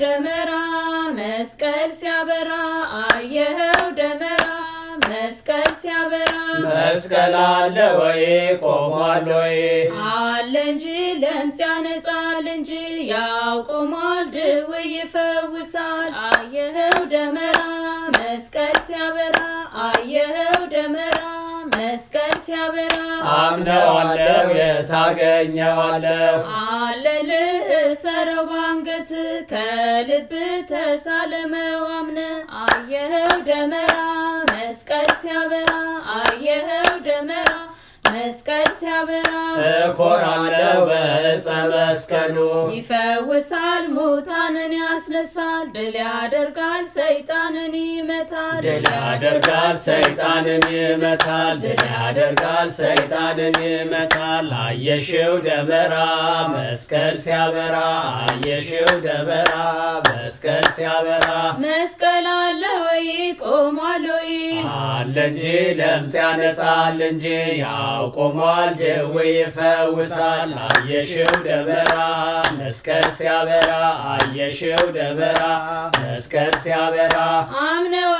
ደመራ መስቀል ሲያበራ አየኸው ደመራ መስቀል ሲያበራ መስቀል አለ ወይ ቆሟል ወይ አለ እንጂ ለምጽ ያነጻል እንጂ ያው ቆሟል ድው ይፈውሳል አየኸው ደመራ መስቀል ሲያበራ አየኸው ደመራ መስቀል ሲያበራ አምነዋለው የታገኘዋለው አለል እሰረው ባንገት ከልብ ተሳለመው አምነ አየኸው ደመራ መስቀል ሲያበራ አየኸው ደመራ መስቀል ሲያበራ እኮራለሁ በዕፀ መስቀሉ። ይፈውሳል ሙታንን ያስነሳል፣ ድል ያደርጋል ሰይጣንን ይመታል። ድል ያደርጋል ሰይጣንን ይመታል። ድል ያደርጋል ሰይጣንን ይመታል። አየሽው ደመራ መስቀል ሲያበራ አየሽው ደመራ መስቀል ሲያበራ መስቀል አለ ወይ ቆሟል ያድናል እንጂ ለምጽ ያነጻል እንጂ ቆሟል ደዌ ይፈውሳል። አየሽው ደመራ መስቀል ሲያበራ አየሽው ደመራ መስቀል ሲያበራ አምነው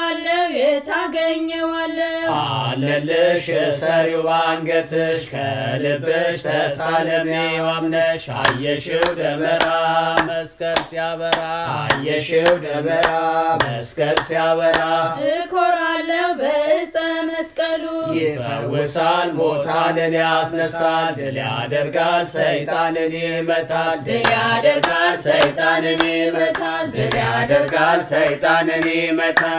እመኘዋለሁ። አለልሽ የሰሪው ባንገትሽ ከልብሽ ተሳለሚው አምነሽ አየሽው ደመራ መስቀል ሲያበራ አየሽው ደመራ መስቀል ሲያበራ እኮራለሁ በዕፀ መስቀሉ ይፈውሳል ሞታንን ያስነሳል ድል ያደርጋል ሰይጣንን ይመታል ድል ያደርጋል ሰይጣንን ይመታል ድል ያደርጋል ሰይጣንን ይመታል